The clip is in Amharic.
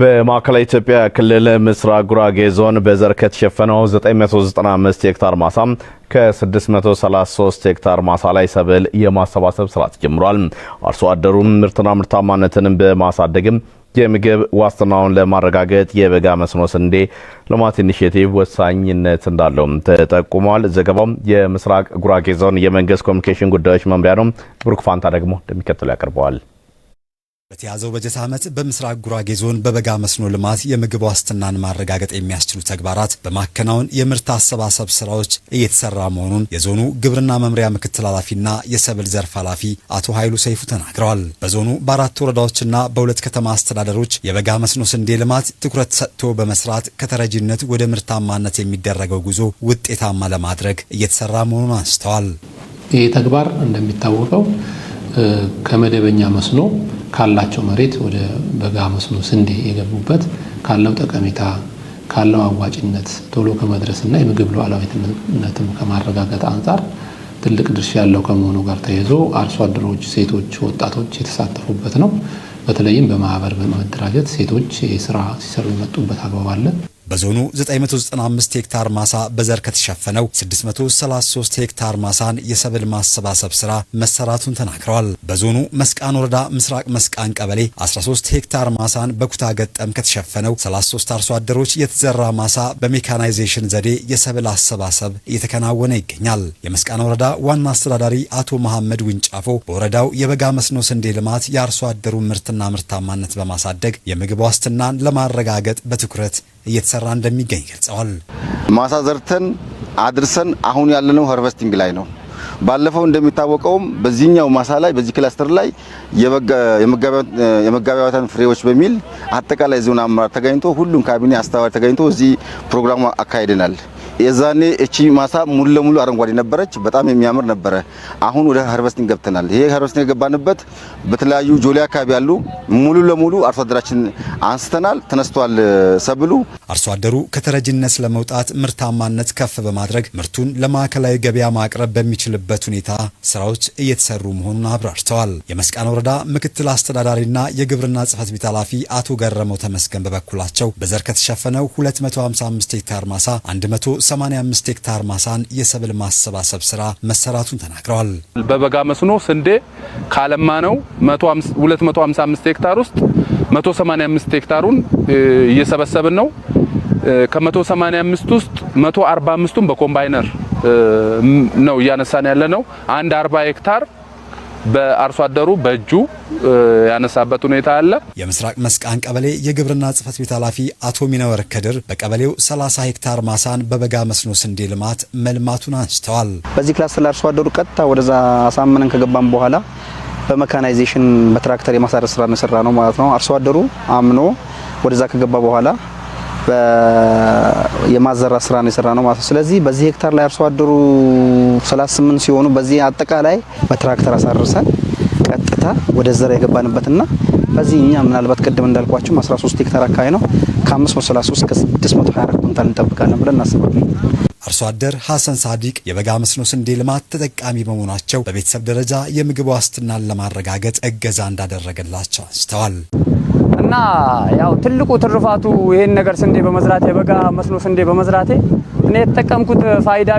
በማዕከላዊ ኢትዮጵያ ክልል ምስራቅ ጉራጌ ዞን በዘር ከተሸፈነው 995 ሄክታር ማሳ ከ633 ሄክታር ማሳ ላይ ሰብል የማሰባሰብ ስራ ተጀምሯል። አርሶ አደሩም ምርትና ምርታማነትን በማሳደግም የምግብ ዋስትናውን ለማረጋገጥ የበጋ መስኖ ስንዴ ልማት ኢኒሽቲቭ ወሳኝነት እንዳለውም ተጠቁሟል። ዘገባው የምስራቅ ጉራጌ ዞን የመንግስት ኮሚኒኬሽን ጉዳዮች መምሪያ ነው። ብሩክ ፋንታ ደግሞ እንደሚከተሉ ያቀርበዋል። በተያዘው በጀት ዓመት በምስራቅ ጉራጌ ዞን በበጋ መስኖ ልማት የምግብ ዋስትናን ማረጋገጥ የሚያስችሉ ተግባራት በማከናወን የምርት አሰባሰብ ስራዎች እየተሰራ መሆኑን የዞኑ ግብርና መምሪያ ምክትል ኃላፊና የሰብል ዘርፍ ኃላፊ አቶ ኃይሉ ሰይፉ ተናግረዋል። በዞኑ በአራት ወረዳዎችና በሁለት ከተማ አስተዳደሮች የበጋ መስኖ ስንዴ ልማት ትኩረት ሰጥቶ በመስራት ከተረጂነት ወደ ምርታማነት የሚደረገው ጉዞ ውጤታማ ለማድረግ እየተሰራ መሆኑን አንስተዋል። ይህ ተግባር እንደሚታወቀው ከመደበኛ መስኖ ካላቸው መሬት ወደ በጋ መስኖ ስንዴ የገቡበት ካለው ጠቀሜታ ካለው አዋጭነት ቶሎ ከመድረስና የምግብ ሉዓላዊነትም ከማረጋገጥ አንጻር ትልቅ ድርሻ ያለው ከመሆኑ ጋር ተያይዞ አርሶ አደሮች፣ ሴቶች፣ ወጣቶች የተሳተፉበት ነው። በተለይም በማህበር በመደራጀት ሴቶች ስራ ሲሰሩ የመጡበት አግባብ አለ። በዞኑ 995 ሄክታር ማሳ በዘር ከተሸፈነው 633 ሄክታር ማሳን የሰብል ማሰባሰብ ስራ መሰራቱን ተናግረዋል። በዞኑ መስቃን ወረዳ ምስራቅ መስቃን ቀበሌ 13 ሄክታር ማሳን በኩታ ገጠም ከተሸፈነው 33 አርሶ አደሮች የተዘራ ማሳ በሜካናይዜሽን ዘዴ የሰብል አሰባሰብ እየተከናወነ ይገኛል። የመስቃን ወረዳ ዋና አስተዳዳሪ አቶ መሐመድ ውንጫፎ በወረዳው የበጋ መስኖ ስንዴ ልማት የአርሶ አደሩ ምርትና ምርታማነት በማሳደግ የምግብ ዋስትናን ለማረጋገጥ በትኩረት እየተሰራ እንደሚገኝ ገልጸዋል። ማሳ ዘርተን አድርሰን አሁን ያለነው ሀርቨስቲንግ ላይ ነው። ባለፈው እንደሚታወቀውም በዚህኛው ማሳ ላይ በዚህ ክላስተር ላይ የመጋቢያዎታን ፍሬዎች በሚል አጠቃላይ ዞን አመራር ተገኝቶ ሁሉም ካቢኔ አስተባባሪ ተገኝቶ እዚህ ፕሮግራሙ አካሂደናል። የዛኔ እቺ ማሳ ሙሉ ለሙሉ አረንጓዴ ነበረች። በጣም የሚያምር ነበረ። አሁን ወደ ሀርቨስቲንግ ገብተናል። ይሄ ሀርቨስቲንግ የገባንበት በተለያዩ ጆሊ አካባቢ ያሉ ሙሉ ለሙሉ አርሶ አደራችን አንስተናል። ተነስቷል ሰብሉ። አርሶ አደሩ ከተረጅነት ለመውጣት ምርታማነት ከፍ በማድረግ ምርቱን ለማዕከላዊ ገበያ ማቅረብ በሚችልበት ሁኔታ ስራዎች እየተሰሩ መሆኑን አብራርተዋል። የመስቃን ወረዳ ምክትል አስተዳዳሪና የግብርና ጽፈት ቤት ኃላፊ አቶ ገረመው ተመስገን በበኩላቸው በዘር ከተሸፈነው 255 ሄክታር ማሳ 100 85 ሄክታር ማሳን የሰብል ማሰባሰብ ስራ መሰራቱን ተናግረዋል። በበጋ መስኖ ስንዴ ካለማ ነው 255 ሄክታር ውስጥ 185 ሄክታሩን እየሰበሰብን ነው። ከ185 ውስጥ 145ቱን በኮምባይነር ነው እያነሳን ያለ ነው። አንድ 40 ሄክታር በአርሶ አደሩ በእጁ ያነሳበት ሁኔታ አለ። የምስራቅ መስቃን ቀበሌ የግብርና ጽህፈት ቤት ኃላፊ አቶ ሚነወር ከድር በቀበሌው 30 ሄክታር ማሳን በበጋ መስኖ ስንዴ ልማት መልማቱን አንስተዋል። በዚህ ክላስተር ለአርሶ አደሩ ቀጥታ ወደዛ አሳምነን ከገባን በኋላ በመካናይዜሽን በትራክተር የማሳረስ ስራ የሰራ ነው ማለት ነው። አርሶ አደሩ አምኖ ወደዛ ከገባ በኋላ የማዘራ ስራ ነው የሰራ ነው ማለት ነው። ስለዚህ በዚህ ሄክታር ላይ አርሶ አደሩ 38 ሲሆኑ በዚህ አጠቃላይ በትራክተር አሳርሰን ቀጥታ ወደ ዘራ የገባንበትና በዚህ እኛ ምናልባት ቅድም እንዳልኳችሁ 13 ሄክታር አካባቢ ነው ከ533 እስከ 624 ኩንታል እንጠብቃለን ብለን እናስባለን። አርሶ አደር ሐሰን ሳዲቅ የበጋ መስኖ ስንዴ ልማት ተጠቃሚ በመሆናቸው በቤተሰብ ደረጃ የምግብ ዋስትናን ለማረጋገጥ እገዛ እንዳደረገላቸው አንስተዋል። እና ያው ትልቁ ትርፋቱ ይሄን ነገር ስንዴ በመዝራቴ በጋ መስኖ ስንዴ በመዝራቴ እኔ የተጠቀምኩት ፋይዳ